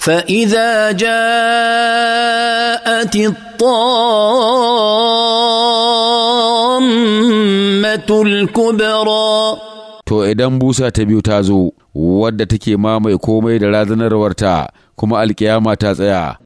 فإذا جاءت الطامة الكبرى to idan busa ta biyu ta zo wadda take mamaye komai da razanarwarta kuma alkiyama ta tsaya